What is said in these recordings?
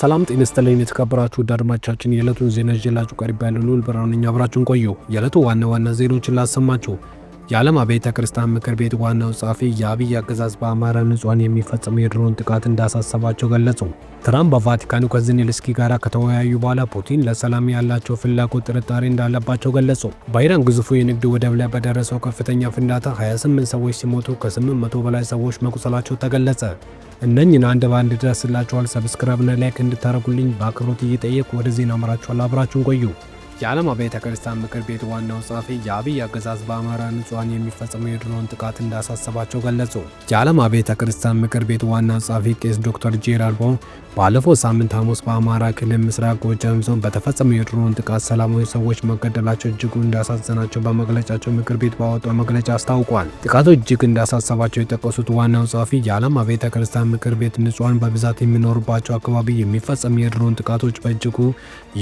ሰላም ጤና ይስጥልኝ የተከበራችሁ ውድ አድማጮቻችን፣ የዕለቱን ዜና ይዤላችሁ ቀርቤ ያለሁ ልዑል ብርሃኑ ነኝ። አብራችሁን ቆዩ። የዕለቱ ዋና ዋና ዜናዎችን ላሰማችሁ። የዓለም አብያተ ክርስቲያን ምክር ቤት ዋናው ጸሐፊ የአብይ አገዛዝ በአማራ ንጹሐን የሚፈጸሙ የድሮን ጥቃት እንዳሳሰባቸው ገለጹ። ትራምፕ በቫቲካኑ ከዜሌንስኪ ጋር ከተወያዩ በኋላ ፑቲን ለሰላም ያላቸው ፍላጎት ጥርጣሬ እንዳለባቸው ገለጹ። በኢራን ግዙፉ የንግድ ወደብ ላይ በደረሰው ከፍተኛ ፍንዳታ 28 ሰዎች ሲሞቱ ከ800 በላይ ሰዎች መቁሰላቸው ተገለጸ። እነኝን አንድ በአንድ ድረስላችኋል። ሰብስክራብና ላይክ እንድታደርጉልኝ በአክብሮት እየጠየቅ ወደ ዜና አምራችኋል። አብራችሁን ቆዩ። የዓለም ቤተ ክርስቲያን ምክር ቤት ዋናው ጸሐፊ የአብይ አገዛዝ በአማራ ንጹሐን የሚፈጸመው የድሮን ጥቃት እንዳሳሰባቸው ገለጹ። የዓለም ቤተ ክርስቲያን ምክር ቤት ዋና ጸሐፊ ቄስ ዶክተር ጄራር ቦ ባለፈው ሳምንት ሐሙስ በአማራ ክልል ምስራቅ ጎጃም ዞን በተፈጸመው የድሮን ጥቃት ሰላማዊ ሰዎች መገደላቸው እጅጉ እንዳሳዘናቸው በመግለጫቸው ምክር ቤት ባወጣው መግለጫ አስታውቋል። ጥቃቱ እጅግ እንዳሳሰባቸው የጠቀሱት ዋናው ጸሐፊ የዓለም ቤተ ክርስቲያን ምክር ቤት ንጹሐን በብዛት የሚኖሩባቸው አካባቢ የሚፈጸሙ የድሮን ጥቃቶች በእጅጉ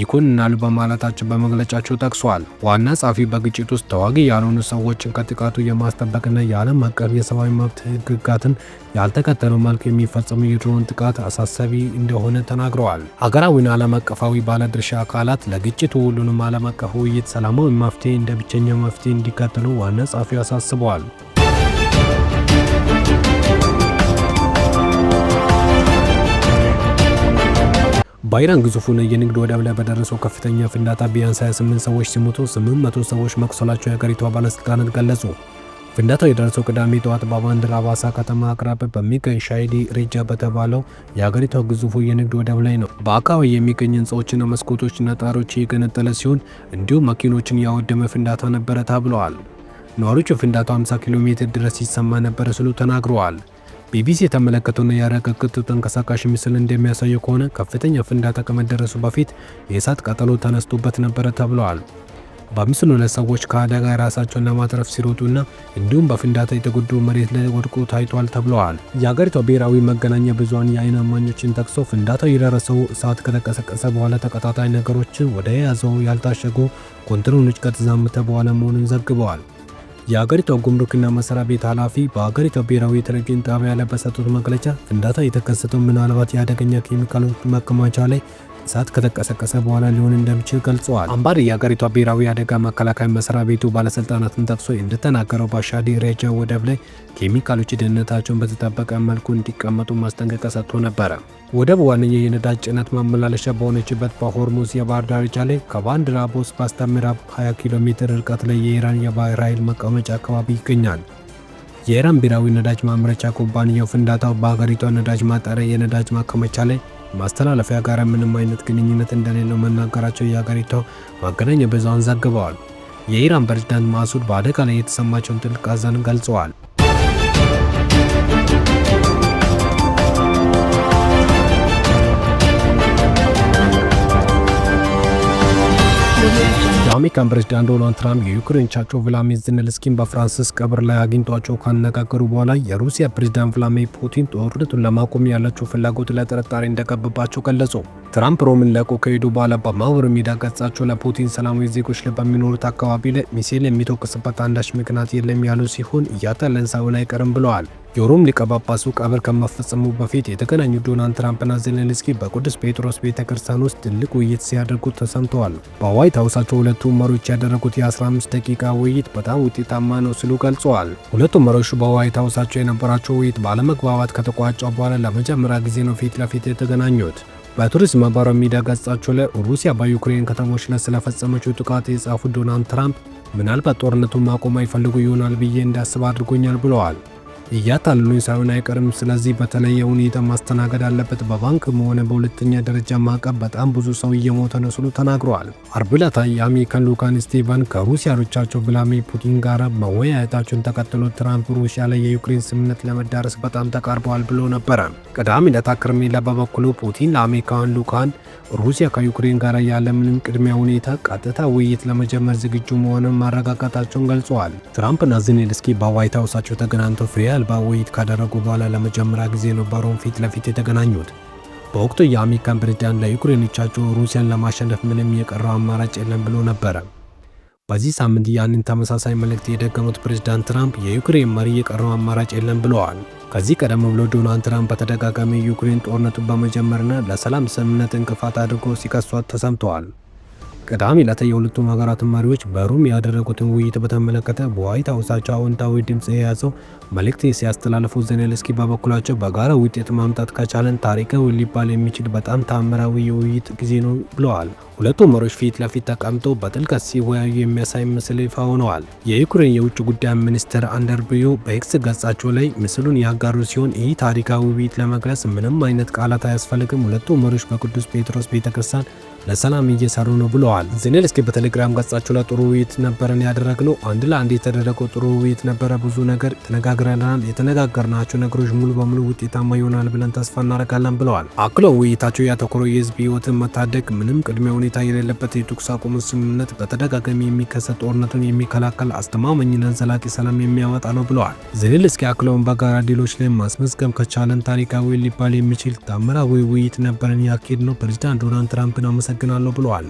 ይኩንናሉ በማለታቸው መግለጫቸው ጠቅሷል። ዋና ጸሐፊ በግጭት ውስጥ ተዋጊ ያልሆኑ ሰዎችን ከጥቃቱ የማስጠበቅና የዓለም አቀፍ የሰብአዊ መብት ህግጋትን ያልተከተሉ መልክ የሚፈጸሙ የድሮን ጥቃት አሳሳቢ እንደሆነ ተናግረዋል። ሀገራዊና ዓለም አቀፋዊ ባለድርሻ አካላት ለግጭቱ ሁሉንም ዓለም አቀፍ ውይይት፣ ሰላማዊ መፍትሄ እንደ ብቸኛ መፍትሄ እንዲከተሉ ዋና ጸሐፊው አሳስበዋል። በኢራን ግዙፉን የንግድ ወደብ ላይ በደረሰው ከፍተኛ ፍንዳታ ቢያንስ 28 ሰዎች ሲሞቱ 800 ሰዎች መቁሰላቸው የሀገሪቷ ባለሥልጣናት ገለጹ። ፍንዳታው የደረሰው ቅዳሜ ጠዋት በባንድር አባሳ ከተማ አቅራቢያ በሚገኝ ሻይዲ ሪጃ በተባለው የሀገሪቷ ግዙፉ የንግድ ወደብ ላይ ነው። በአካባቢ የሚገኝ ህንፃዎችና መስኮቶችና ጣሪዎች የገነጠለ ሲሆን እንዲሁም መኪኖችን ያወደመ ፍንዳታ ነበረ ተብለዋል። ነዋሪዎቹ ፍንዳታው 50 ኪሎ ሜትር ድረስ ሲሰማ ነበረ ሲሉ ተናግረዋል። ቢቢሲ የተመለከተውና ያረጋገጠው ተንቀሳቃሽ ምስል እንደሚያሳየው ከሆነ ከፍተኛ ፍንዳታ ከመደረሱ በፊት የእሳት ቃጠሎ ተነስቶበት ነበረ ተብለዋል። በምስሉ ላይ ሰዎች ከአደጋ ራሳቸውን ለማትረፍ ሲሮጡና እንዲሁም በፍንዳታ የተጎዱ መሬት ላይ ወድቆ ታይቷል ተብለዋል። የአገሪቷ ብሔራዊ መገናኛ ብዙኃን የአይን እማኞችን ጠቅሶ ፍንዳታው የደረሰው እሳት ከተቀሰቀሰ በኋላ ተቀጣጣይ ነገሮች ወደ ያዘው ያልታሸጉ ኮንትሮኖች ከተዛመተ በኋላ መሆኑን ዘግበዋል። የአገሪቷ ጉምሩክና መሰሪያ ቤት ኃላፊ በአገሪቷ ብሔራዊ የቴሌቪዥን ጣቢያ ላይ በሰጡት መግለጫ ፍንዳታ የተከሰተው ምናልባት የአደገኛ ኬሚካሎች መከማቻ ላይ እሳት ከተቀሰቀሰ በኋላ ሊሆን እንደሚችል ገልጸዋል። አምባሪ የአገሪቷ ብሔራዊ አደጋ መከላከያ መስሪያ ቤቱ ባለስልጣናትን ጠቅሶ እንደተናገረው ባሻዲ ሬጃ ወደብ ላይ ኬሚካሎች ደህንነታቸውን በተጠበቀ መልኩ እንዲቀመጡ ማስጠንቀቂያ ሰጥቶ ነበረ። ወደብ ዋነኛ የነዳጅ ጭነት ማመላለሻ በሆነችበት በሆርሙዝ የባህር ዳርቻ ላይ ከባንድ ራቦስ በስተ 20 ኪሎ ሜትር ርቀት ላይ የኢራን የባህር ኃይል መቀመጫ አካባቢ ይገኛል። የኢራን ብሔራዊ ነዳጅ ማምረቻ ኩባንያው ፍንዳታው በሀገሪቷ ነዳጅ ማጣሪያ የነዳጅ ማከማቻ ላይ ማስተላለፊያ ጋር ምንም አይነት ግንኙነት እንደሌለው መናገራቸው የሀገሪቷ መገናኛ ብዙኃን ዘግበዋል። የኢራን ፕሬዝዳንት ማሱድ በአደጋ ላይ የተሰማቸውን ጥልቅ ሐዘን ገልጸዋል። የአሜሪካን ፕሬዝዳንት ዶናልድ ትራምፕ የዩክሬን ቻቸው ቭላድሚር ዜሌንስኪን በፍራንስስ ቀብር ላይ አግኝቷቸው ካነጋገሩ በኋላ የሩሲያ ፕሬዝዳንት ቭላድሚር ፑቲን ጦርነቱን ለማቆም ያላቸው ፍላጎት ለጥርጣሬ ጥርጣሬ ገለጹ። ትራምፕ ሮምን ለቆ ከሄዱ በኋላ በማህበራዊ ሚዲያ ገጻቸው ለፑቲን ሰላማዊ ዜጎች ላይ በሚኖሩት አካባቢ ላይ ሚሳኤል የሚተኩስበት አንዳች ምክንያት የለም ያሉ ሲሆን እያታ ሳይሆን አይቀርም ብለዋል። የሮም ሊቀ ጳጳሱ ቀብር ከመፈጸሙ በፊት የተገናኙ ዶናልድ ትራምፕና ዜሌንስኪ በቅዱስ ጴጥሮስ ቤተ ክርስቲያን ውስጥ ትልቅ ውይይት ሲያደርጉ ተሰምተዋል። በዋይት ሀውሳቸው ሁለቱ መሪዎች ያደረጉት የ15 ደቂቃ ውይይት በጣም ውጤታማ ነው ሲሉ ገልጸዋል። ሁለቱ መሪዎች በዋይት ሀውሳቸው የነበራቸው ውይይት ባለመግባባት ከተቋጫው በኋላ ለመጀመሪያ ጊዜ ነው ፊት ለፊት የተገናኙት። በቱሪስት ማህበራዊ ሚዲያ ገጻቸው ላይ ሩሲያ በዩክሬን ከተሞች ላይ ስለፈጸመችው ጥቃት የጻፉት ዶናልድ ትራምፕ ምናልባት ጦርነቱን ማቆም አይፈልጉ ይሆናል ብዬ እንዳስብ አድርጎኛል ብለዋል። እያታለሉኝ ሳይሆን አይቀርም። ስለዚህ በተለየ ሁኔታ ማስተናገድ አለበት። በባንክም ሆነ በሁለተኛ ደረጃ ማዕቀብ በጣም ብዙ ሰው እየሞተ ነው ሲሉ ተናግረዋል። አርብ ዕለት የአሜሪካን ልዑካን ስቴቫን ከሩሲያ አቻቸው ቭላድሚር ፑቲን ጋር መወያየታቸውን ተከትሎ ትራምፕ ሩሲያ ላይ የዩክሬን ስምምነት ለመዳረስ በጣም ተቃርበዋል ብሎ ነበረ። ቅዳሜ ዕለት ክሬምሊን በበኩሉ ፑቲን ለአሜሪካን ልዑካን ሩሲያ ከዩክሬን ጋር ያለምንም ቅድሚያ ሁኔታ ቀጥታ ውይይት ለመጀመር ዝግጁ መሆኑን ማረጋገጣቸውን ገልጸዋል። ትራምፕና ዜሌንስኪ በዋይት ሀውሳቸው ተገናኝተው ፍሬያ አልባ ውይይት ካደረጉ በኋላ ለመጀመሪያ ጊዜ ነው ባሮን ፊት ለፊት የተገናኙት። በወቅቱ የአሜሪካን ፕሬዚዳንት ለዩክሬኖቻቸው ሩሲያን ለማሸነፍ ምንም የቀረው አማራጭ የለም ብሎ ነበረ። በዚህ ሳምንት ያንን ተመሳሳይ መልእክት የደገሙት ፕሬዚዳንት ትራምፕ የዩክሬን መሪ የቀረው አማራጭ የለም ብለዋል። ከዚህ ቀደም ብሎ ዶናልድ ትራምፕ በተደጋጋሚ ዩክሬን ጦርነቱን በመጀመርና ለሰላም ስምምነት እንቅፋት አድርጎ ሲከሷት ተሰምተዋል። ቅዳሜ ዕለት የሁለቱም ሀገራት መሪዎች በሩም ያደረጉትን ውይይት በተመለከተ በዋይት ሀውሳቸው አዎንታዊ ድምፅ የያዘው መልእክት ሲያስተላልፉ ዜሌንስኪ በበኩላቸው በጋራ ውጤት ማምጣት ከቻለን ታሪካዊ ሊባል የሚችል በጣም ታምራዊ የውይይት ጊዜ ነው ብለዋል። ሁለቱ መሪዎች ፊት ለፊት ተቀምጠው በጥልቀት ሲወያዩ የሚያሳይ ምስል ይፋ ሆነዋል። የዩክሬን የውጭ ጉዳይ ሚኒስትር አንደርብዮ በኤክስ ገጻቸው ላይ ምስሉን ያጋሩ ሲሆን ይህ ታሪካዊ ውይይት ለመግለጽ ምንም አይነት ቃላት አያስፈልግም፣ ሁለቱም መሪዎች በቅዱስ ጴጥሮስ ቤተክርስቲያን ለሰላም እየሰሩ ነው ብለዋል። ዜሌንስኪ በቴሌግራም ገጻቸው ላይ ጥሩ ውይይት ነበረን ያደረግነው፣ አንድ ለአንድ የተደረገው ጥሩ ውይይት ነበረ። ብዙ ነገር ተነጋግረናል። የተነጋገርናቸው ነገሮች ሙሉ በሙሉ ውጤታማ ይሆናል ብለን ተስፋ እናደርጋለን ብለዋል። አክሎ ውይይታቸው ያተኮረው የህዝብ ህይወትን መታደግ ምንም ቅድመ ሁኔታ የሌለበት የተኩስ አቁም ስምምነት በተደጋጋሚ የሚከሰት ጦርነቱን የሚከላከል አስተማማኝና ዘላቂ ሰላም የሚያመጣ ነው ብለዋል። ዜሌንስኪ አክለውን በጋራ ድሎች ላይ ማስመዝገብ ከቻለን ታሪካዊ ሊባል የሚችል ታምራዊ ውይይት ነበረን ያካሄድ ነው። ፕሬዚዳንት ዶናልድ ትራምፕን አመሰግናለሁ ብለዋል።